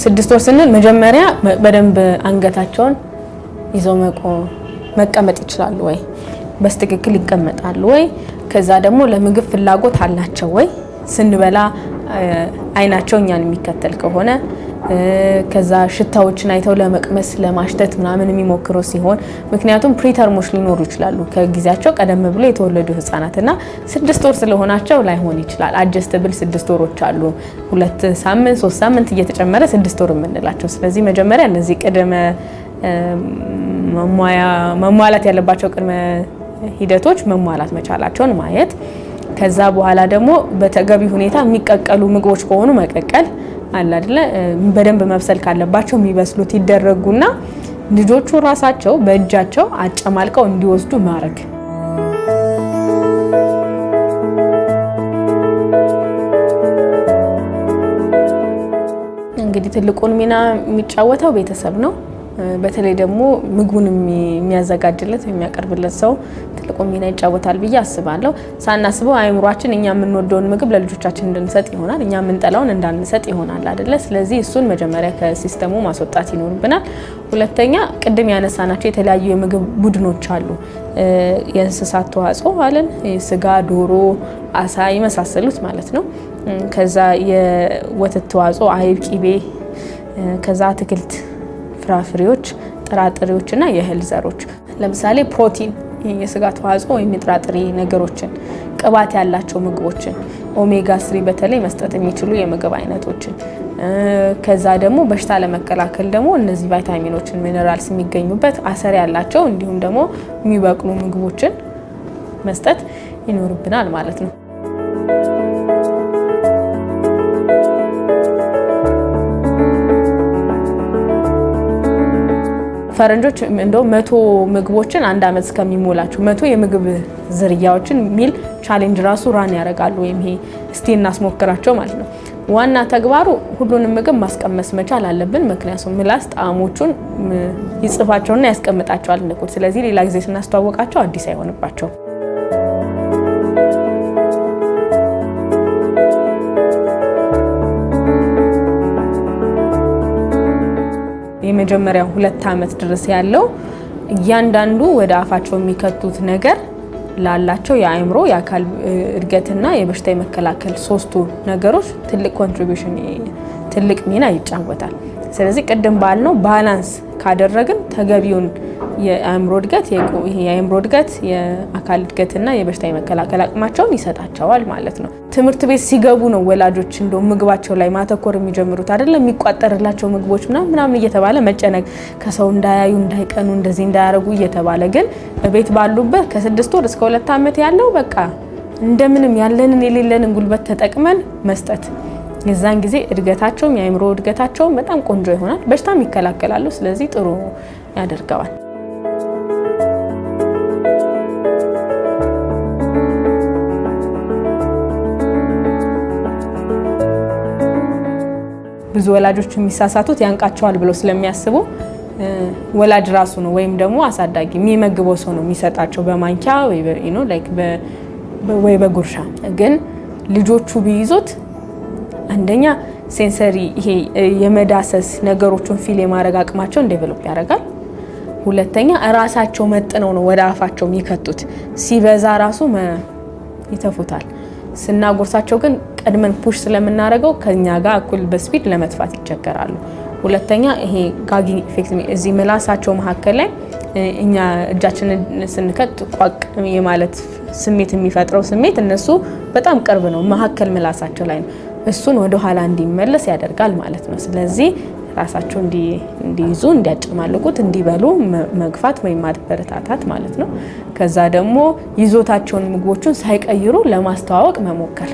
ስድስት ወር ስንል መጀመሪያ በደንብ አንገታቸውን ይዘው መቆም መቀመጥ ይችላሉ ወይ፣ በስትክክል ይቀመጣሉ ወይ፣ ከዛ ደግሞ ለምግብ ፍላጎት አላቸው ወይ ስንበላ አይናቸው እኛን የሚከተል ከሆነ ከዛ ሽታዎችን አይተው ለመቅመስ ለማሽተት ምናምን የሚሞክሩ ሲሆን ምክንያቱም ፕሪተርሞች ሊኖሩ ይችላሉ ከጊዜያቸው ቀደም ብሎ የተወለዱ ህጻናትና ስድስት ወር ስለሆናቸው ላይሆን ይችላል። አጀስትብል ስድስት ወሮች አሉ። ሁለት ሳምንት፣ ሶስት ሳምንት እየተጨመረ ስድስት ወር የምንላቸው። ስለዚህ መጀመሪያ እነዚህ ቅድመ መሟላት ያለባቸው ቅድመ ሂደቶች መሟላት መቻላቸውን ማየት ከዛ በኋላ ደግሞ በተገቢ ሁኔታ የሚቀቀሉ ምግቦች ከሆኑ መቀቀል አለ አይደለ፣ በደንብ መብሰል ካለባቸው የሚበስሉት ይደረጉና ልጆቹ ራሳቸው በእጃቸው አጨማልቀው እንዲወስዱ ማድረግ። እንግዲህ ትልቁን ሚና የሚጫወተው ቤተሰብ ነው። በተለይ ደግሞ ምግቡን የሚያዘጋጅለት የሚያቀርብለት ሰው ትልቁ ሚና ይጫወታል ብዬ አስባለሁ። ሳናስበው አእምሯችን እኛ የምንወደውን ምግብ ለልጆቻችን እንድንሰጥ ይሆናል፣ እኛ የምንጠላውን እንዳንሰጥ ይሆናል አይደለ? ስለዚህ እሱን መጀመሪያ ከሲስተሙ ማስወጣት ይኖርብናል። ሁለተኛ ቅድም ያነሳናቸው የተለያዩ የምግብ ቡድኖች አሉ። የእንስሳት ተዋጽኦ አለን፣ ስጋ፣ ዶሮ፣ አሳ የመሳሰሉት ማለት ነው። ከዛ የወተት ተዋጽኦ አይብ፣ ቂቤ፣ ከዛ አትክልት ፍራፍሬዎች፣ እና የእህል ዘሮች ለምሳሌ ፕሮቲን የስጋ ተዋጽኦ ወይም የጥራጥሬ ነገሮችን፣ ቅባት ያላቸው ምግቦችን፣ ኦሜጋ ስሪ በተለይ መስጠት የሚችሉ የምግብ አይነቶችን ከዛ ደግሞ በሽታ ለመከላከል ደግሞ እነዚህ ቫይታሚኖችን፣ ሚነራልስ የሚገኙበት አሰር ያላቸው እንዲሁም ደግሞ የሚበቅሉ ምግቦችን መስጠት ይኖርብናል ማለት ነው። ፈረንጆች እንደው መቶ ምግቦችን አንድ አመት እስከሚሞላቸው መቶ የምግብ ዝርያዎችን ሚል ቻሌንጅ ራሱ ራን ያደርጋሉ። ወይም ይሄ እስቲ እናስሞክራቸው ማለት ነው። ዋና ተግባሩ ሁሉንም ምግብ ማስቀመስ መቻል አለብን። ምክንያቱም ምላስ ጣዕሞቹን ይጽፋቸውና ያስቀምጣቸዋል ንቁት። ስለዚህ ሌላ ጊዜ ስናስተዋወቃቸው አዲስ አይሆንባቸው። የመጀመሪያ ሁለት ዓመት ድረስ ያለው እያንዳንዱ ወደ አፋቸው የሚከቱት ነገር ላላቸው የአእምሮ የአካል እድገትና የበሽታ የመከላከል ሶስቱ ነገሮች ትልቅ ኮንትሪቢሽን ትልቅ ሚና ይጫወታል። ስለዚህ ቅድም ባልነው ባላንስ ካደረግን ተገቢውን የአእምሮ እድገት የአእምሮ እድገት የአካል እድገትና የበሽታ የመከላከል አቅማቸውን ይሰጣቸዋል ማለት ነው። ትምህርት ቤት ሲገቡ ነው ወላጆች እንደ ምግባቸው ላይ ማተኮር የሚጀምሩት አይደለም። የሚቋጠርላቸው ምግቦች ምናምን ምናምን እየተባለ መጨነቅ ከሰው እንዳያዩ እንዳይቀኑ፣ እንደዚህ እንዳያደርጉ እየተባለ ግን ቤት ባሉበት ከስድስት ወር እስከ ሁለት ዓመት ያለው በቃ እንደምንም ያለንን የሌለንን ጉልበት ተጠቅመን መስጠት የዛን ጊዜ እድገታቸውም የአእምሮ እድገታቸውም በጣም ቆንጆ ይሆናል። በሽታም ይከላከላሉ። ስለዚህ ጥሩ ያደርገዋል። ብዙ ወላጆች የሚሳሳቱት ያንቃቸዋል ብለው ስለሚያስቡ ወላጅ ራሱ ነው ወይም ደግሞ አሳዳጊ የሚመግበው ሰው ነው የሚሰጣቸው በማንኪያ ወይ በጉርሻ። ግን ልጆቹ ቢይዙት አንደኛ ሴንሰሪ ይሄ የመዳሰስ ነገሮችን ፊል የማድረግ አቅማቸው እንዴቨሎፕ ያደርጋል። ሁለተኛ እራሳቸው መጥነው ነው ወደ አፋቸው የሚከቱት። ሲበዛ ራሱ ይተፉታል። ስናጎርሳቸው ግን ቀድመን ፑሽ ስለምናደርገው ከኛ ጋር እኩል በስፒድ ለመጥፋት ይቸገራሉ። ሁለተኛ ይሄ ጋጊንግ ኢፌክት እዚህ ምላሳቸው መካከል ላይ እኛ እጃችንን ስንከት ቋቅ የማለት ስሜት የሚፈጥረው ስሜት እነሱ በጣም ቅርብ ነው፣ መካከል ምላሳቸው ላይ ነው። እሱን ወደኋላ እንዲመለስ ያደርጋል ማለት ነው። ስለዚህ ራሳቸው እንዲይዙ እንዲያጨማልቁት እንዲበሉ መግፋት ወይም ማበረታታት ማለት ነው። ከዛ ደግሞ ይዞታቸውን ምግቦቹን ሳይቀይሩ ለማስተዋወቅ መሞከር